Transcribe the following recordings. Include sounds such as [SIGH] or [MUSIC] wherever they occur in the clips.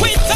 With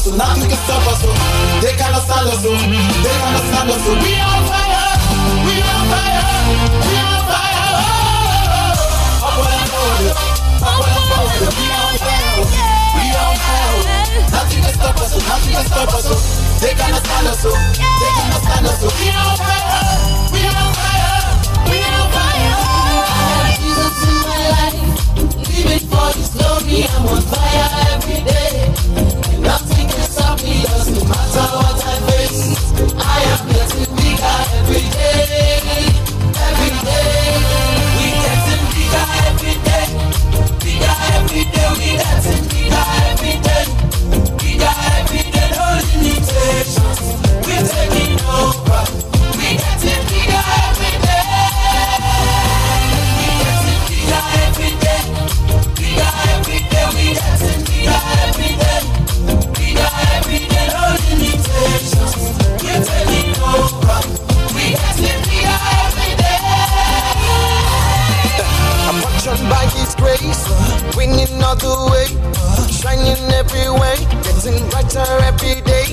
hustle, not to get sub hustle. They cannot stand us, so they not stand us. So we on fire, we on fire, we on fire. Oh, up when I'm folded, up when I'm folded. We on fire, we on fire. Nothing can stop us, nothing can stop us. They can't stand us, so they not stand us. So we on fire, we on fire, we on fire. Jesus in my life, living for His glory, I'm on fire every day. After what I face, I am getting bigger every day. Winning all the way, shining every way, getting brighter every day.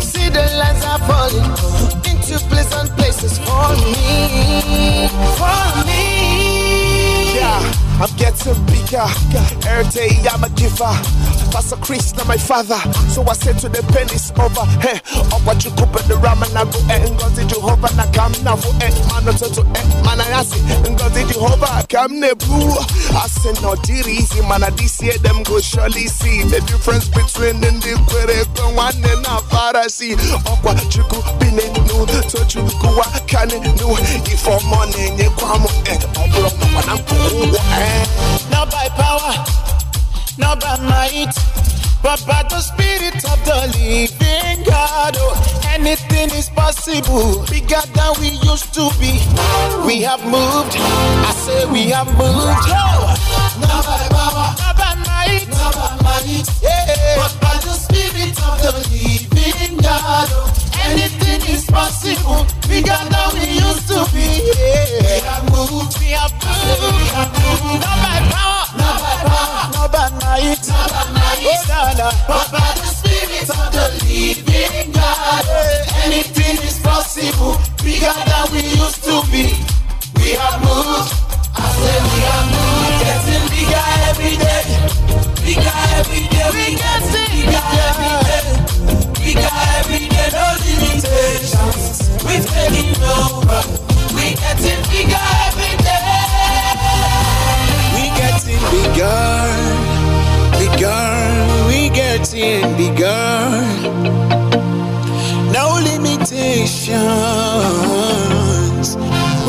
See the lights are falling into pleasant places for me, for me. Yeah. I'm getting bigger. Every day I'm a giver. Pastor Chris, now my father. So I said to the pen it's over. Hey, I want you to cook the ram and I go Hey, and God did Jehovah. Now come now for eh, man, not to eh, man, I ask it. And God did Jehovah, come ne blue. I said, no, dear easy man, I this year them go surely see the difference between in the query and one and a parasi. Up what you cook, be no, to you go, can do? if for money, you come. Not by power, not by might, but by the spirit of the living God. Oh, anything is possible, bigger than we used to be. We have moved, I say we have moved. Oh. Not by power, not by might, not by might, yeah. but by the spirit of the living God. Oh. is possible, bigger than we used to be. Yeah. We have moved, we have moved, we have moved. Not by power, not by power, not by might, not by might, oh, no, nah. but by the Spirit of the Living God. Yeah. Anything is possible, bigger than we used to be. We have moved. I say we are moving, getting bigger every day. Bigger every day, we getting bigger every day. Bigger every day, no limitations. We're taking over, we getting bigger every day. We getting bigger, bigger, we getting bigger. No limitations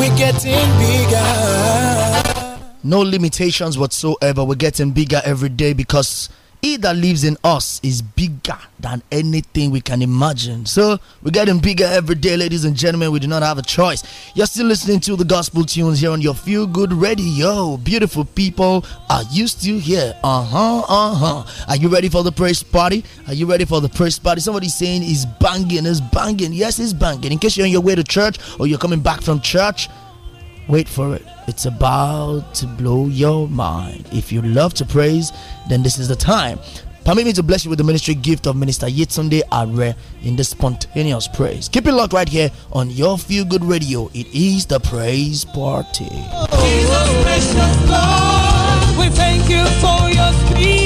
we're getting bigger. No limitations whatsoever. We're getting bigger every day because he that lives in us is bigger than anything we can imagine. So we're getting bigger every day, ladies and gentlemen. We do not have a choice. You're still listening to the gospel tunes here on your feel good radio. Beautiful people, are you still here? Uh huh, uh huh. Are you ready for the praise party? Are you ready for the praise party? Somebody's saying he's banging, he's banging. Yes, he's banging. In case you're on your way to church or you're coming back from church, Wait for it. It's about to blow your mind. If you love to praise, then this is the time. Permit me to bless you with the ministry gift of Minister Yetunde Are in this spontaneous praise. Keep it locked right here on your Feel Good Radio. It is the praise party. Jesus, oh, oh, oh. Lord, we thank you for your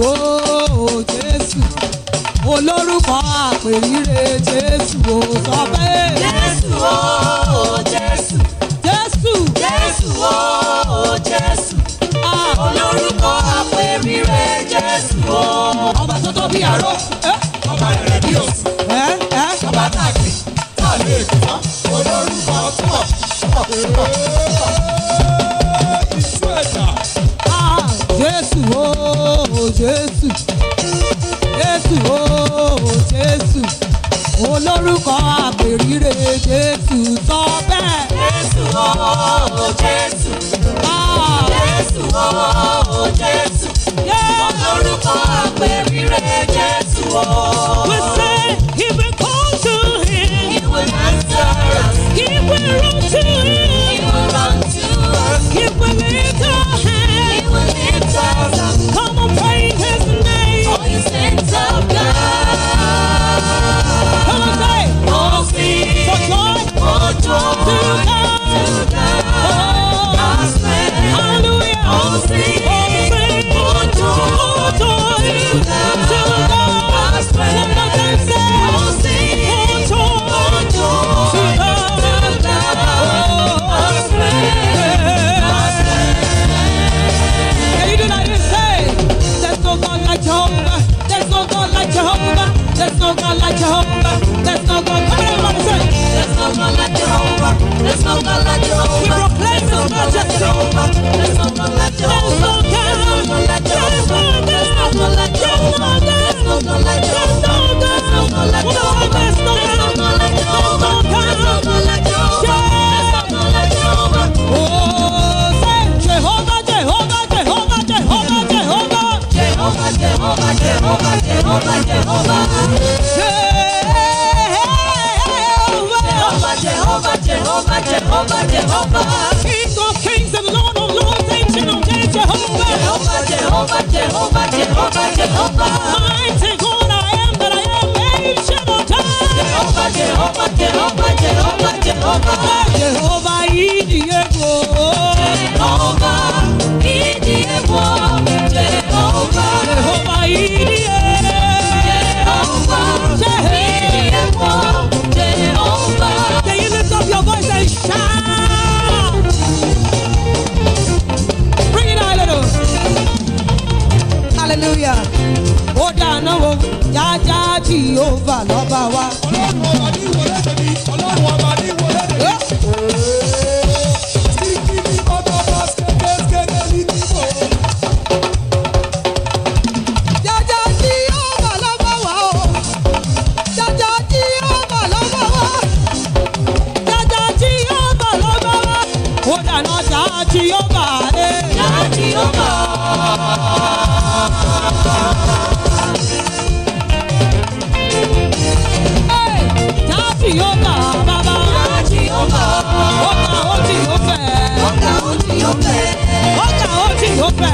o Jésù olórúkọ àpèrire Jésù o sọ pé Jésù o Jésù Jésù Jésù o Jésù ah. olórúkọ àpèrire Jésù o. ọba tó tó bí àárọ̀ eh? ọba rẹ̀ bí òsì eh, eh? ọba tá a gbé tá a lè gbọ́ olórúkọ tó ọ̀ tó ọ̀ tó jésù jésù ooo jésù olórúkọ àpèrire jésù sọ bẹ́ẹ̀. jésù ooo jésù jésù ooo jésù olórúkọ àpèrire jésù ooo. we say he will come to him. he will answer us. he will run to him. he will us. lift our hands. he will lift us up. Hallelujah. All singing, all lọ́jọ́ tí ó bọ̀. Tábì yóò kà bàbá. Lọ́jọ́ tí ó bọ̀.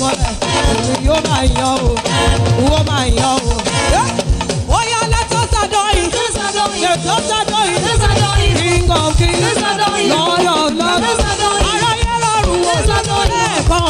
mọ́lẹ̀ òun yóò máa yan o wọ́n máa yan o. ó yá lẹ́tọ́ sàdọ́yìn lẹ́tọ́ sàdọ́yìn king of kings lọ́yọ̀ lọ́yọ̀ aráyé lọ́rùn o lẹ́ẹ̀kan.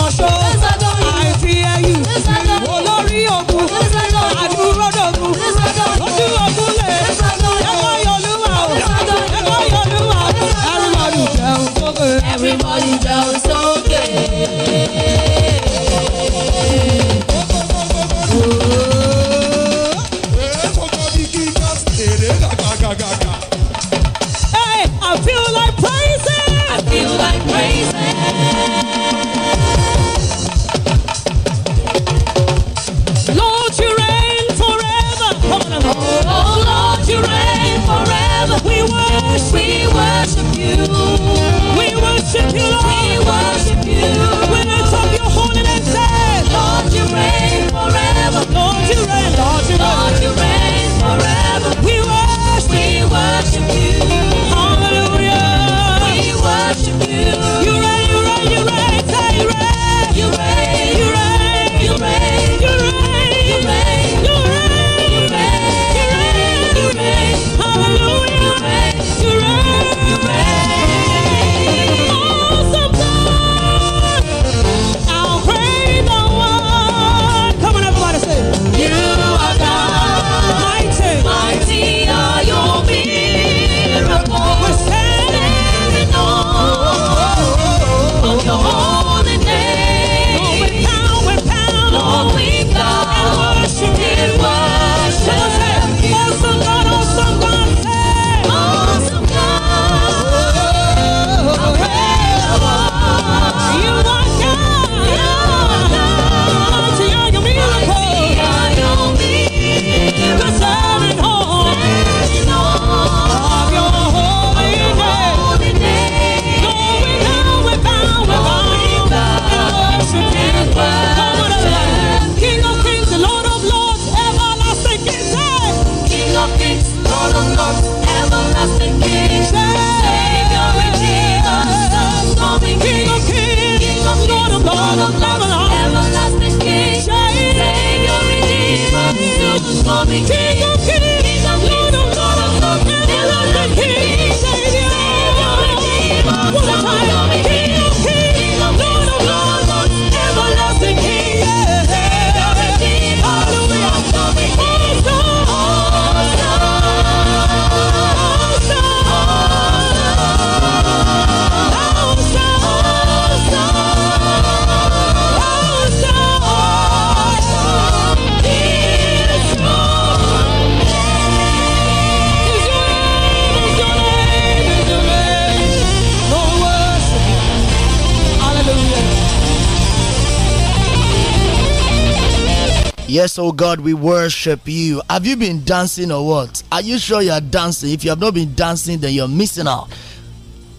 Yes, oh God, we worship you. Have you been dancing or what? Are you sure you are dancing? If you have not been dancing, then you're missing out.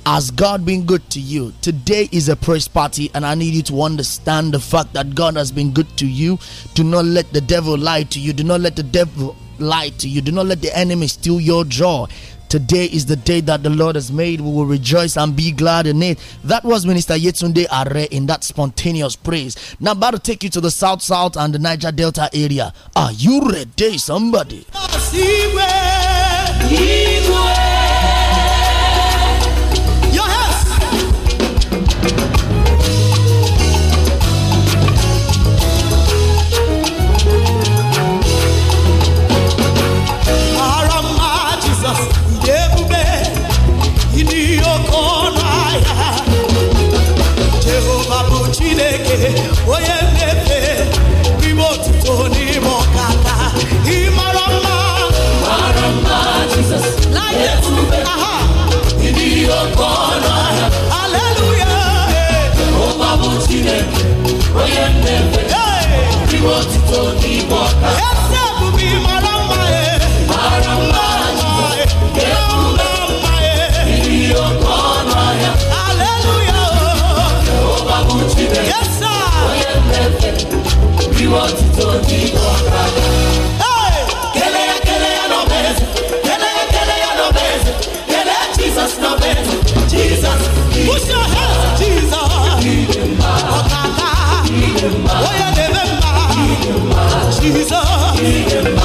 Has God been good to you? Today is a praise party, and I need you to understand the fact that God has been good to you. Do not let the devil lie to you. Do not let the devil lie to you. Do not let the enemy steal your joy. Today is the day that the Lord has made. We will rejoice and be glad in it. That was Minister Yetunde Are in that spontaneous praise. Now, about to take you to the South South and the Niger Delta area. Are you ready, somebody? onye mmemme n'ime otuto n'ime ọkata ịmara mma aha aleluya eze wọ́n Jesus.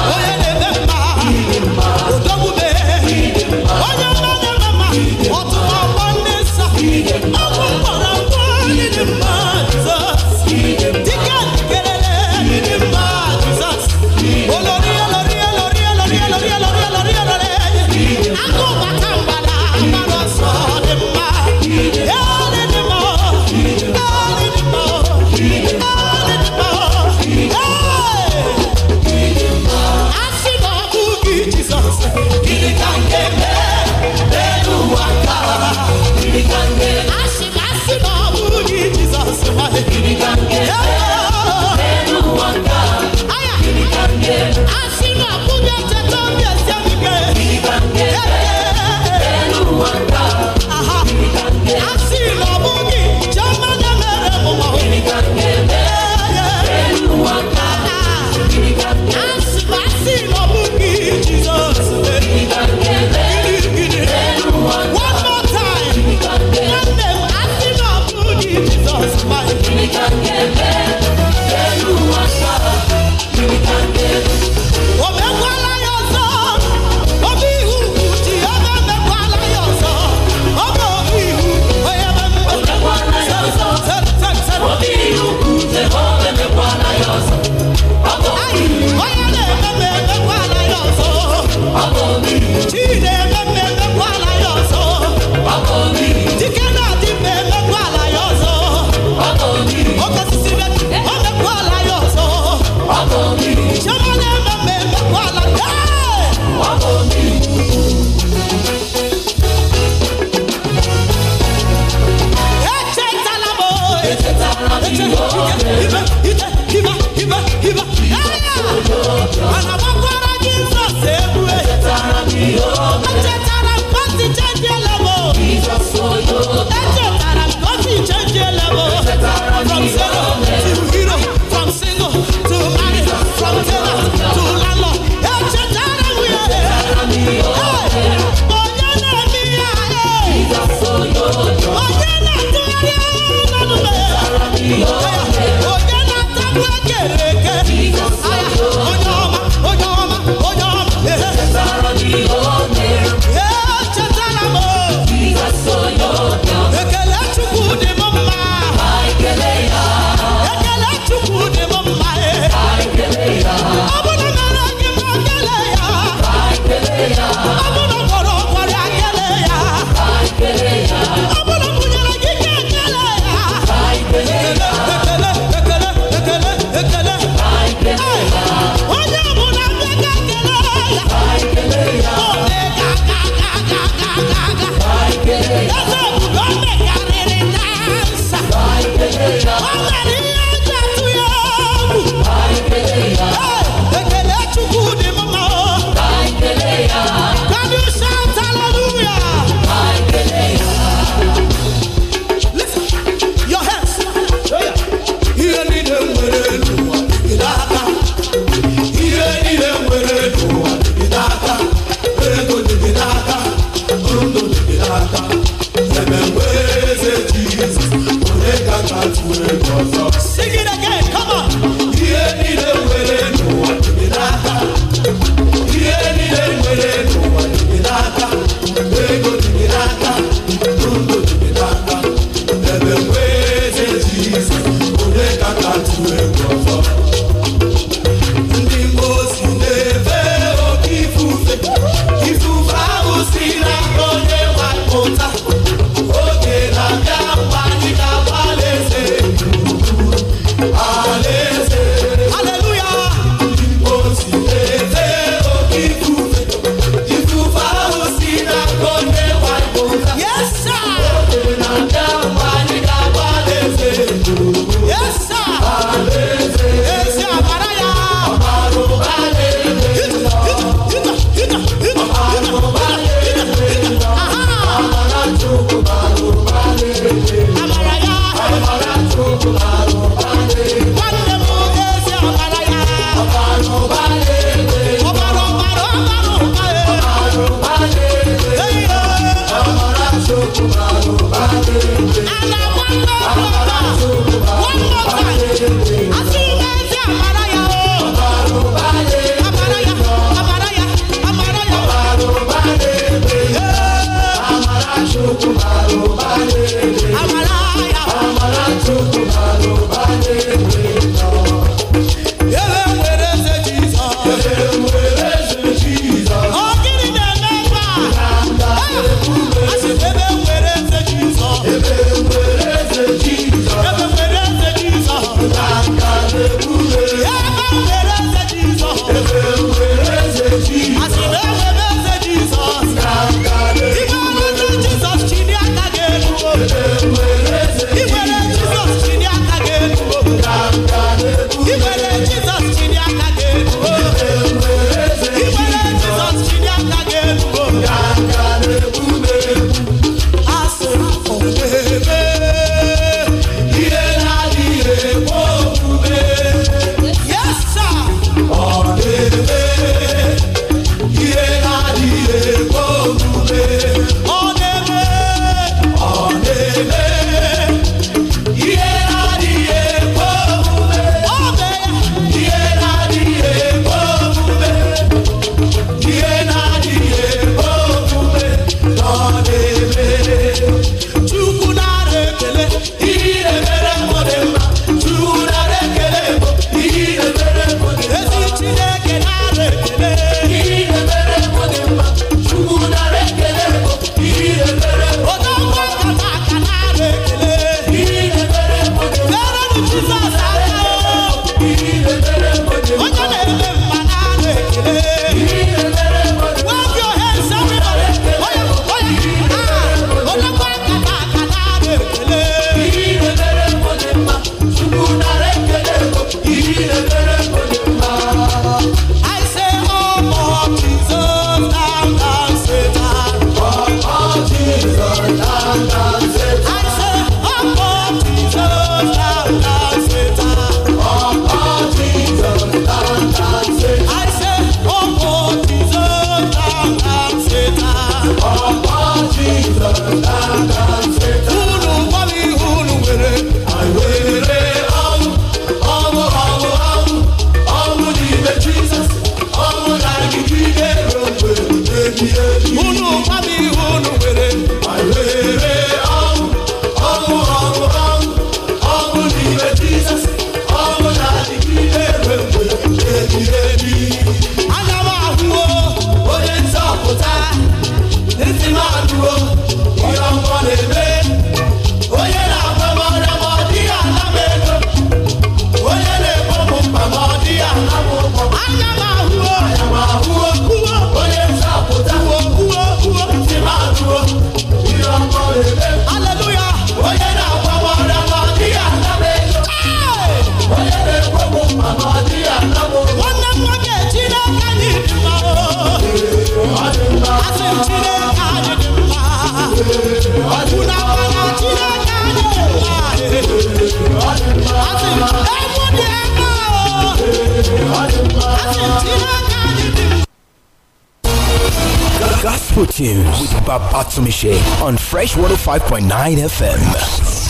Mitsumishi on Fresh 5.9 FM.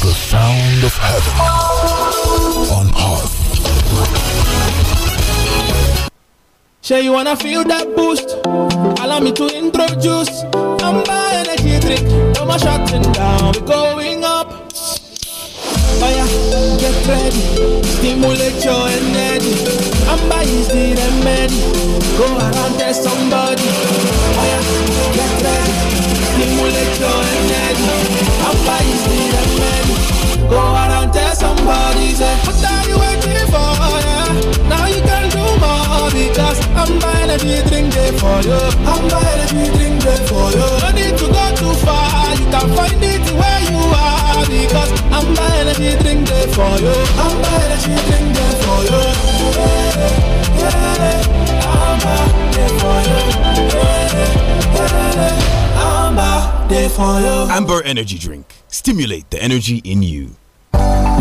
The sound of heaven on earth. Say you wanna feel that boost? Allow me to introduce Amber Energy Drink. No more shutting down, we're going up. Fire, get ready, stimulate your energy. Amber is the remedy. Go around, tell somebody. Fire, get ready. the big drink there for you. I'm by the drink there for you. No need to go too far, you can find it where you are. Because I'm by the drink there for you. I'm by the drink there for you. Yeah, yeah, i there for you. Amber Energy Drink. Stimulate the energy in you.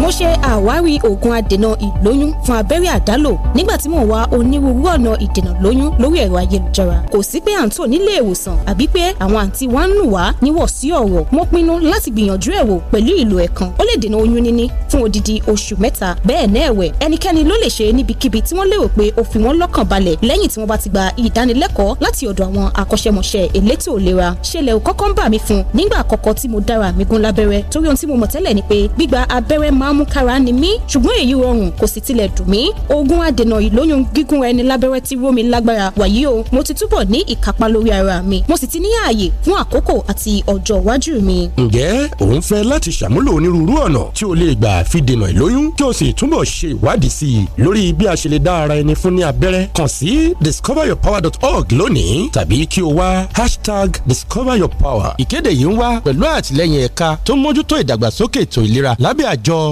mo ṣe àwárí oògùn adènà ìlóyún fún abẹ́rẹ́ àdálò nígbà tí mò ń wá onírúurú ọ̀nà ìdènà lóyún lórí ẹ̀rọ ayélujára kò sí pé à ń tò nílé ìwòsàn àbí pé àwọn àǹtí wa ń nù wá níwọ̀ sí ọ̀rọ̀ mo pinnu láti gbìyànjú ẹ̀ wò pẹ̀lú ìlò ẹ̀kan ó lè dènà oyún níní fún odidi oṣù mẹ́ta bẹ́ẹ̀ náà ẹ̀wẹ̀ ẹnikẹ́ni ló lè ṣe níbikíbi tí wọ́n lérò pé ó fi wọ́n lọ́kàn balẹ̀ lẹ́yìn tí wọ́n bá ti gba ìdánilẹ́kọ̀ọ́ láti ọ̀dọ̀ àwọn akọ́ṣẹ́mọṣẹ́ elétò ìlera ṣẹlẹ̀ ò kọ́kọ́ ń bà mí fún nígbà àkọ́kọ́ tí mo dára mi gún lábẹ́rẹ́ torí ohun tí mo mọ̀ tẹ́lẹ̀ ni pé gbígba abẹ́rẹ́ máa ń mú kára ni mí ṣùgbọ́n èyí rọrùn kò sì tilẹ̀ dùn mí oògùn adènà ìlóyún gígùn ẹni lábẹ́rẹ́ tí wó mi lágbára wàyí o mo ti túbọ̀ ní ìkápá lórí ara mi mo sì ti ní ààyè fún àkókò àti ọjọ́ iwájú mi. ǹjẹ́ òun fẹ́ láti ṣàmúlò onírúurú ọ̀nà tí o lè gbà fi dènà ìlóyún kí o sì túbọ̀ ṣe ìwádìí sí i lórí bí a ṣe lè dá ara ẹni fún ní abẹ́rẹ́ kàn sí discoveryourpower.org lónìí tàbí kí o wá hashtag discoveryourpower ìkéde yìí ń wá pẹ̀lú àtìlẹ́yìn ẹ̀ka tó mójútó ìdàgbàsókè ètò ìlera lábẹ́ àjọ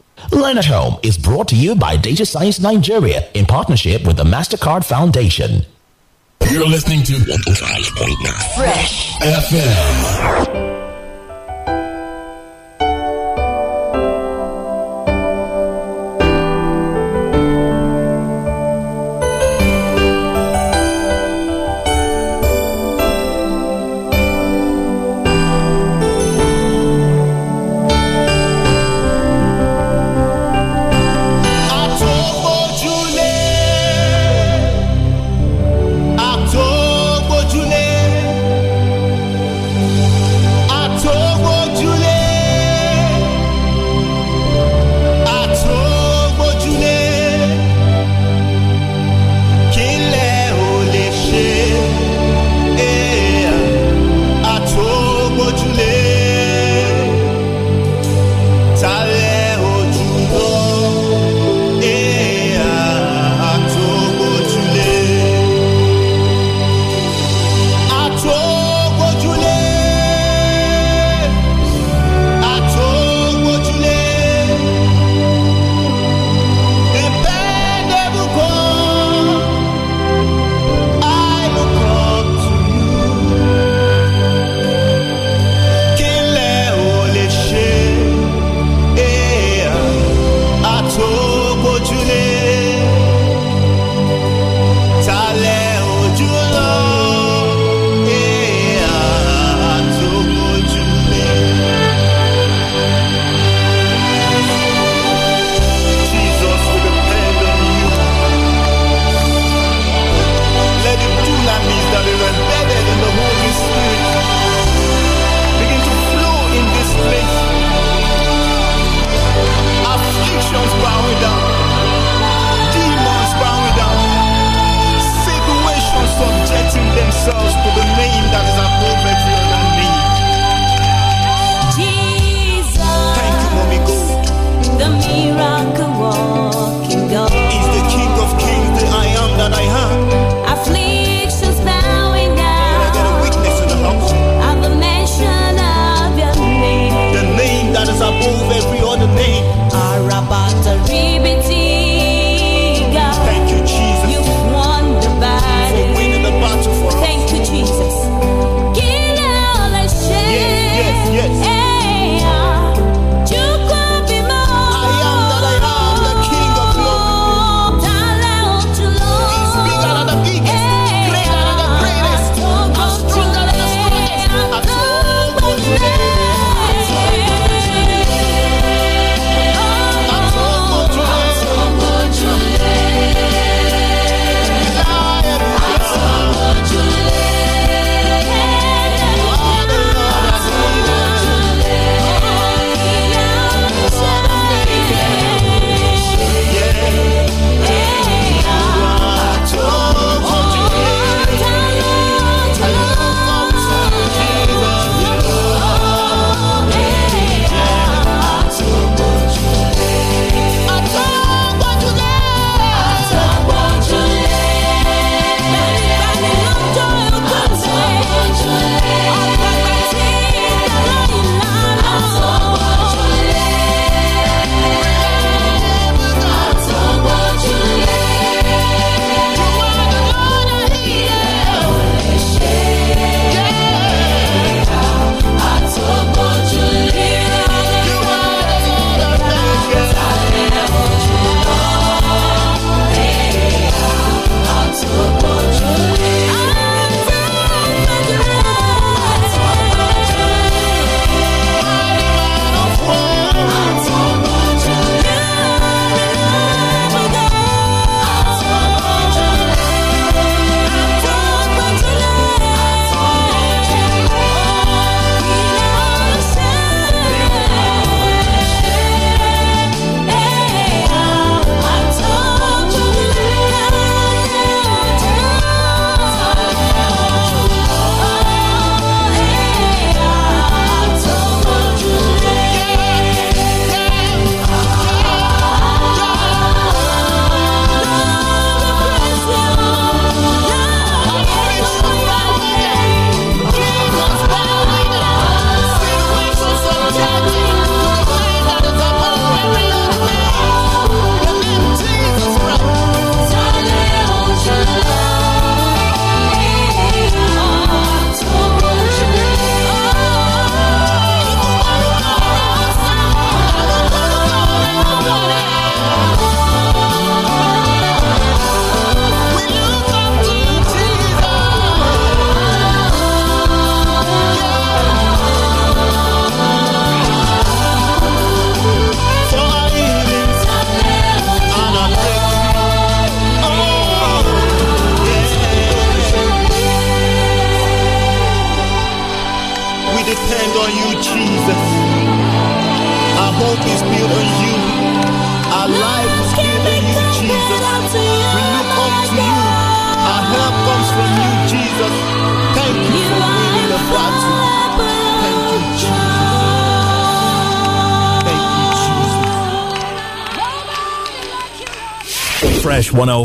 Learn at Home is brought to you by Data Science Nigeria in partnership with the MasterCard Foundation. You're listening to 105.9 Fresh FM.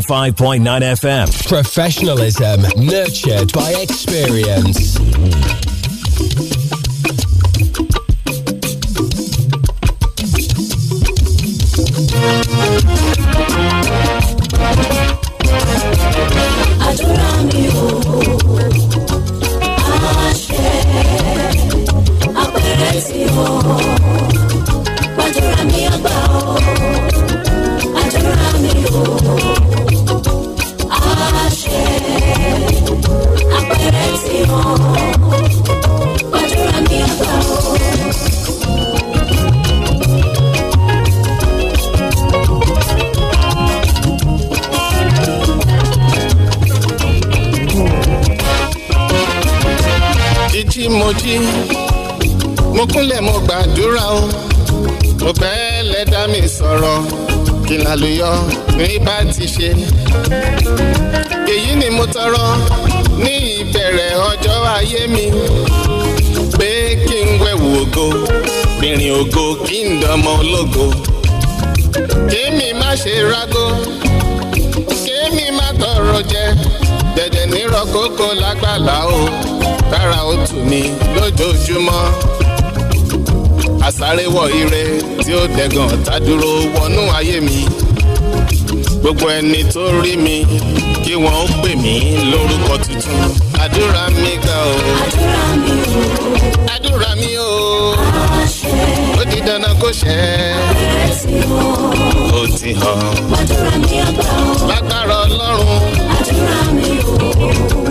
105.9 FM. Professionalism nurtured by experience. tí mo jí mo kúnlẹ̀ mo gbàdúrà o mo bẹ́ẹ̀ lẹ́dá mi sọ̀rọ̀ kí n lálùyọ ní bá ti ṣe. èyí ni mo tọrọ ní ìbẹ̀rẹ̀ ọjọ́ ayé mi pé kí n wẹ̀wù ògo rìnrìn ògo kí n dọmọ ológo kí mi má ṣe rágó kí má tọrọ jẹ dẹ̀dẹ̀ nírọ̀ kókó lágbàlá o kára ó tù mí lójoojúmọ́ àsárẹ́wọ̀ ire tí ó dẹ̀gàn tádúró wọnú ayé mi gbogbo ẹni tó rí mi kí wọ́n ó pè mí lórúkọ tuntun àdúrà mi ga o àdúrà mi o ó di dandan kó ṣẹ ó ti hàn lágbára ọlọ́run àdúrà mi o.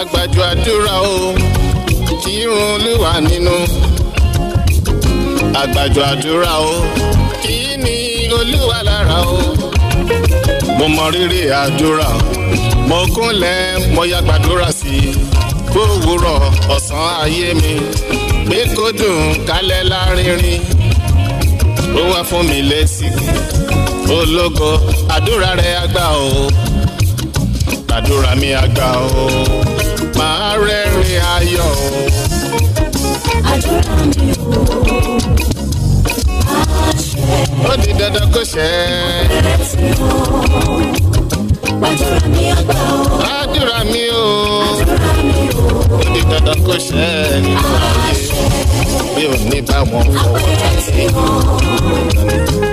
agbájú àdúrà o kì í run olúwa nínú agbájú àdúrà o kì ni ní olúwa lára o mo mọ rírì àdúrà mo kúnlẹ̀ mo yá gbàdúrà sí i gbówùrọ̀ ọ̀sán ayé mi pé kó dùn kálẹ̀ lárinrin ó wá fún mi lésì ológo àdúrà rẹ àgbà o àdúrà mi àgbà o màá rẹ́rìn ayọ̀ o. àdúrà mi o máa ṣe. ó di dandan kó ṣe. ọ̀rẹ́ tí o àdúrà mi àgbà o. àdúrà mi o àdúrà mi o ó di dandan kó ṣe nínú ayé mi ò ní bá fọwọ́. ọ̀rẹ́ tí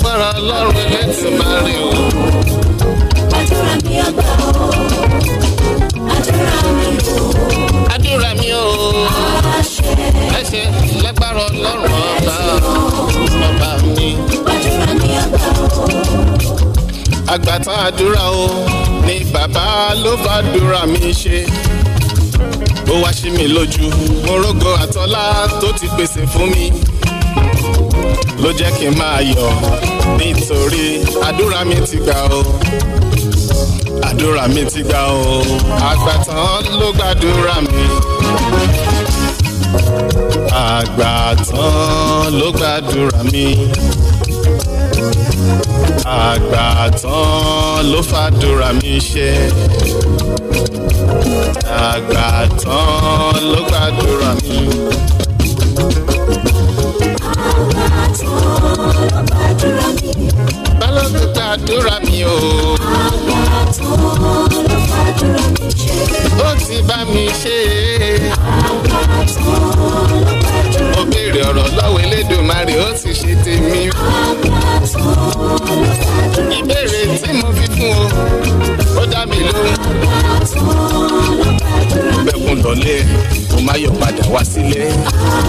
agbára ọlọ́run ẹlẹ́tùmarì o. àdúrà mi ọgbà o àdúrà mi o. àdúrà mi o. àṣẹ ẹsẹ lágbára ọlọ́run ọba ọba mi. àdúrà mi ọgbà o. àgbàtà àdúrà o ni bàbá ló bá dúrà mi ṣe ó wá sí mi lójú mo àtọ́lá tó ti pèsè fún mi ló jẹ́ kí n máa yọ̀ nítorí àdúrà mi ti gbà o àdúrà mi ti gbà o àgbàtàn ló gbàdúrà mi àgbàtàn ló gbàdúrà mi àgbàtàn ló fàdúrà mi ṣe àgbàtàn ló gbàdúrà mi àwa tó lọ gbàdúrà mi. bálọ́dún gbàdúrà mi o. àwa tó lọ gbàdúrà mi ṣe. ó ti bá mi ṣe é. àwa tó lọ gbàdúrà mi. mo béèrè ọ̀rọ̀ lọ́wọ́ Elédùmarè ó sì ṣe tèmi. àwa tó lọ mi ṣe. ìbéèrè tí mo fi fún o ó dá mi lóhùn. àwa tó lọ mi ṣe. bẹ́ẹ̀ kún lọlé mo máa yọ padà wá sílé. àwa.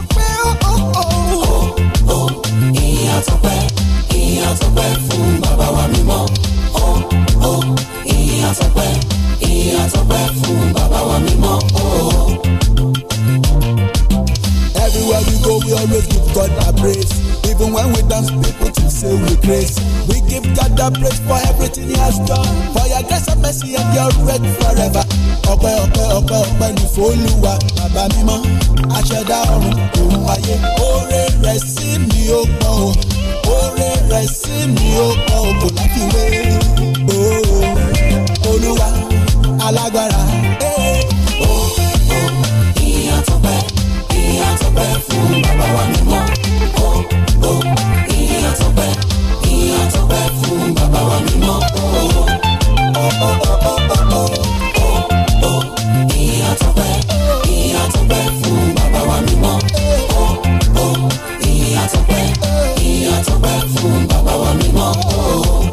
we always give God a praise. Even when we dance, people think say we grace. We give God a praise for everything He has done. For your grace and mercy and your wreck forever. Ọpẹ́ ọpẹ́ ọpẹ́ ọpẹ́ ní f'Olúwa bàbá mímọ́. Aṣẹ̀dá ọ̀run òun ayé. Oore re sí mi ó pọ̀ o. Oore re sí mi ó pọ̀ o kò láfiwé. Oh, Olúwa alágbára. Oh, oh, oh, ìyá tó pẹ́, ìyá tó pẹ́ fún wà mímọ́ ó ó ìyìn àtọ́pẹ́ ìyìn àtọ́pẹ́ fún bàbá wa mímọ́ ó ó ó ó ó ó ó ó ìyìn àtọ́pẹ́ ìyìn àtọ́pẹ́ fún bàbá wa mímọ́ ó ó ìyìn àtọ́pẹ́ ìyìn àtọ́pẹ́ fún bàbá wa mímọ́ ó ó.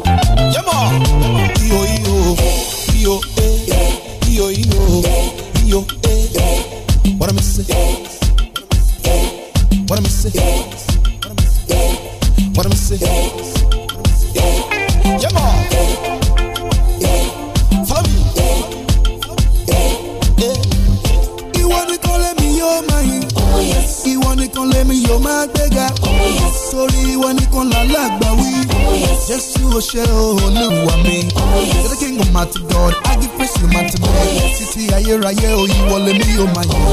no matter God. I give praise no matter God. Oh, yes. Títí ayérayé o ìwọ lèmi yóò máa yọ̀.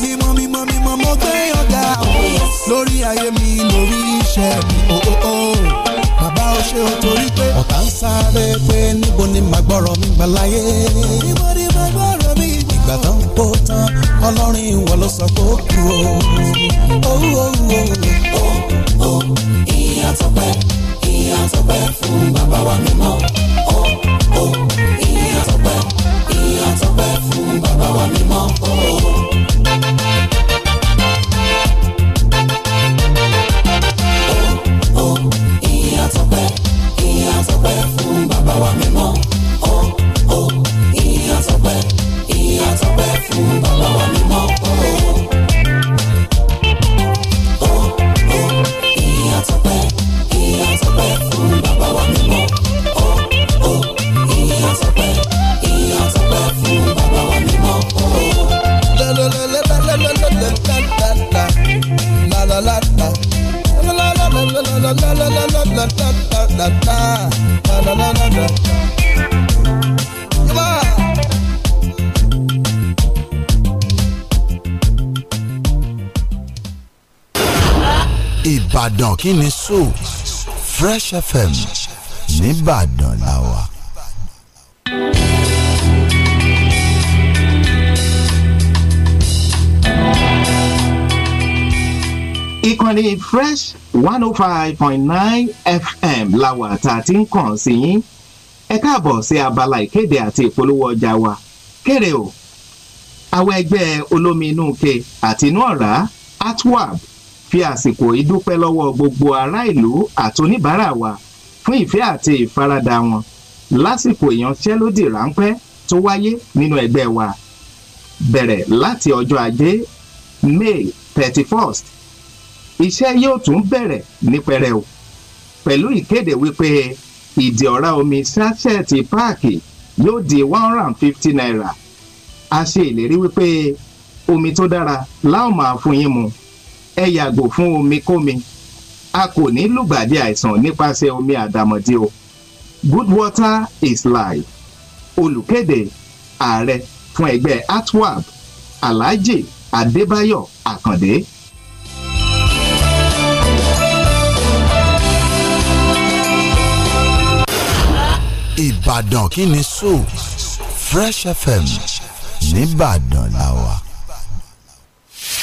Mímọ́ mímọ́ mímọ́ mo gbé ọ̀gá o. Oh, lórí ayé mi lórí iṣẹ́ mi o oh, o oh, o. Bàbá o ṣe o torí pé. Ọ̀tá ń sáré pé níbo ni màá gbọ́rọ̀ mi gbà láyé. Níbo ni màá gbọ́rọ̀ mi gbà. Ìgbà tán kó tán, ọlọ́rin ìwọ ló sọ pé ó kú o. Owó owó. Ó ó ìyá tó pẹ́, ìyá tó pẹ́ fún bàbá wa mímọ́. bàbá wa mímọ́ o. ìkíni sóò Fresh FM nìbàdàn làwà. ìkànnì fresh one oh five point nine fm làwà tá a ti ń kàn sí yín ẹ káàbọ̀ sí abala ìkéde àti ìpolówó ọjà wa kéré o àwọn ẹgbẹ́ olómi inú ke àti inú ọ̀rá atwab fi àsìkò yìí dúpẹ́ lọ́wọ́ gbogbo ará ìlú àti oníbàárà wa fún ìfẹ́ àti ìfaradà wọn lásìkò ìyanṣẹ́lódì ráńpẹ́ tó wáyé nínú ẹgbẹ́ wa bẹ̀rẹ̀ láti ọjọ́ ajé May thirty first iṣẹ́ yóò tún bẹ̀rẹ̀ ní pẹrẹu pẹ̀lú ìkéde wípé ìdí ọ̀rá omi sáṣẹ́ẹ̀tì páàkì yóò di one hundred and fifty naira a ṣe ìlérí wípé omi tó dára la ó máa fún yín mu ẹ yàgò fún omikómi a kò ní lùgbàdì àìsàn nípasẹ̀ omi àdàmọ̀dì o good water is life olùkéde ààrẹ fún ẹgbẹ́ atwab alhaji adébáyọ̀ àkàndé. ìbàdàn kí ni so fresh fm nìbàdàn làwà.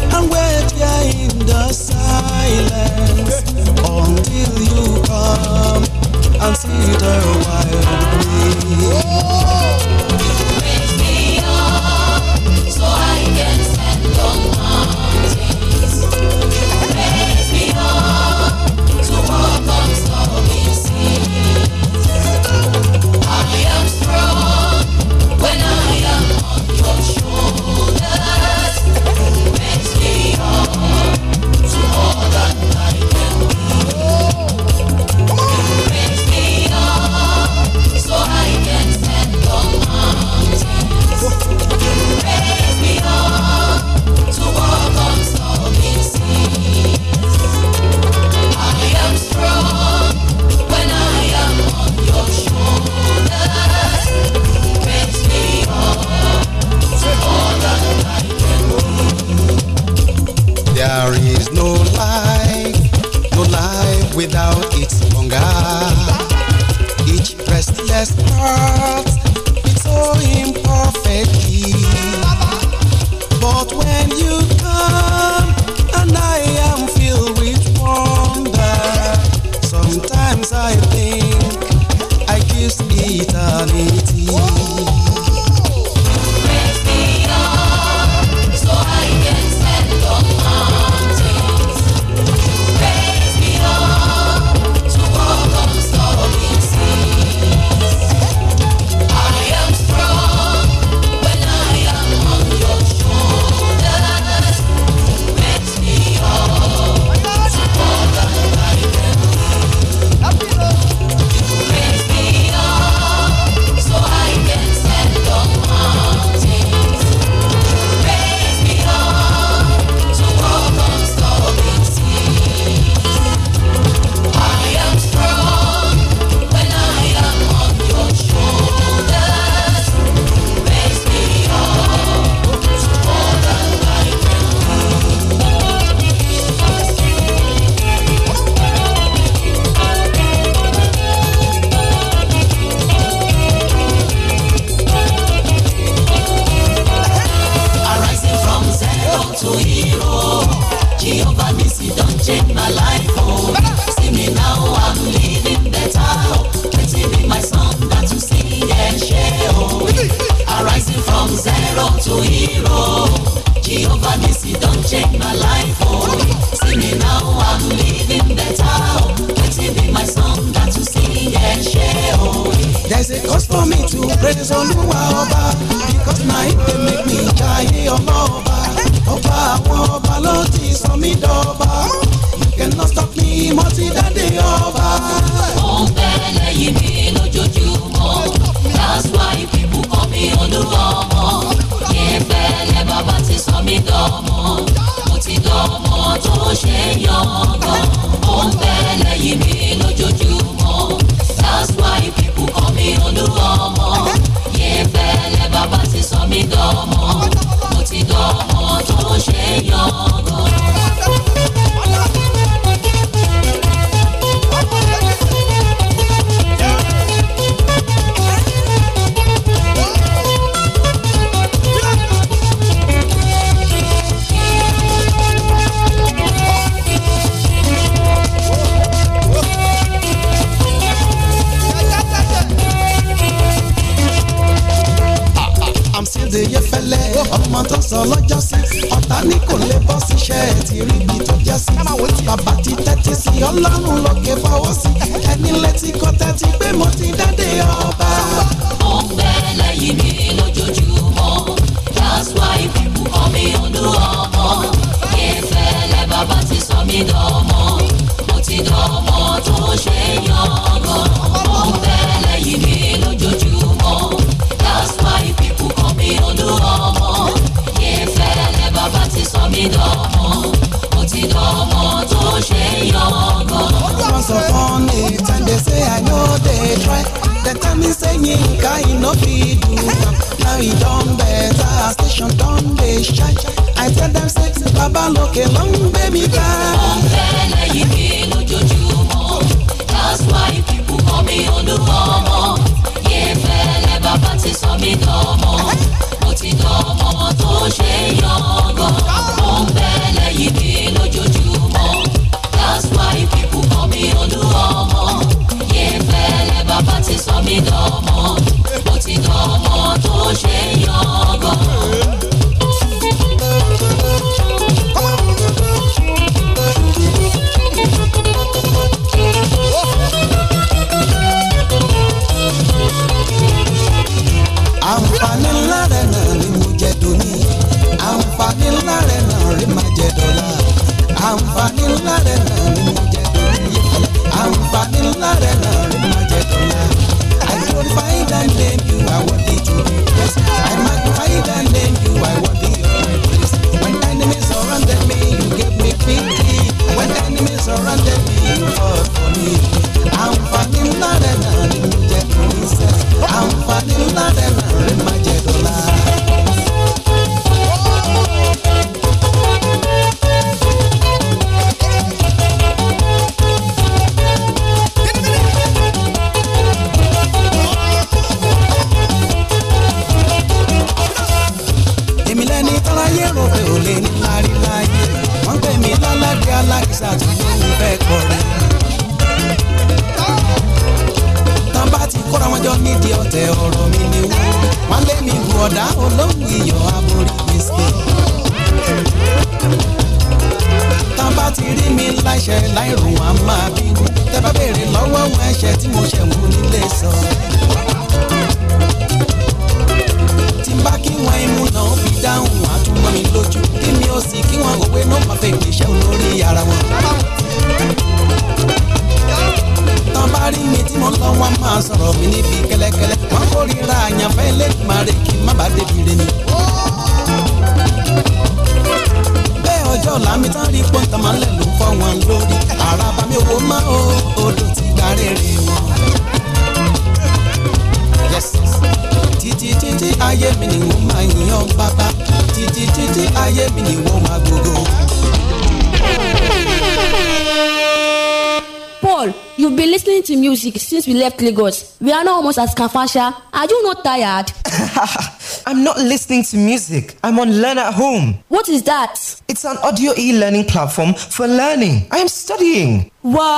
And where ọ̀rọ̀ lọ́jọ́ sí ọ̀tá ní kò lè bọ́ síṣẹ́ ẹ̀ ti rí ibi tó jẹ́ sí bàbá ti tẹ́tí sí ọlọ́run lókè fọwọ́ sí ẹni létí kọ́ tẹ́tí pé mo ti try dem tell me say yinka e no fit do am now e don better as station don dey shine i tell dem say baba loke ló ń gbé mi ká. ọ̀fẹ́ lẹ́yìn mi lójoojúmọ́ that's why people call me olúkọ́mọ́ yẹ́fẹ́lẹ́ bàbá ti sọ mí dọ́mọ́ mo ti dọ́mọ́ tó ṣe yọ̀ngàn ọ̀fẹ́ lẹ́yìn mi lójoojúmọ́ that's why people call me olúkọ́mọ́ yẹ́fẹ́lẹ́ bàbá ti sọ mí dọmọ mo ti dọmọ tó ṣe yọgọ. àǹfààní ńlá rẹ̀ náà ni mo jẹ dòní àǹfààní ńlá rẹ̀ náà rí máa jẹ dọ́là àǹfààní ńlá rẹ̀ náà ni mo jẹ dòní àǹfààní I find a name, you are what worthy to be blessed. I find a name. Lagos. We are now almost at Kafasha. Are you not tired? [LAUGHS] I'm not listening to music. I'm on Learn at Home. What is that? It's an audio e learning platform for learning. I am studying. Wow.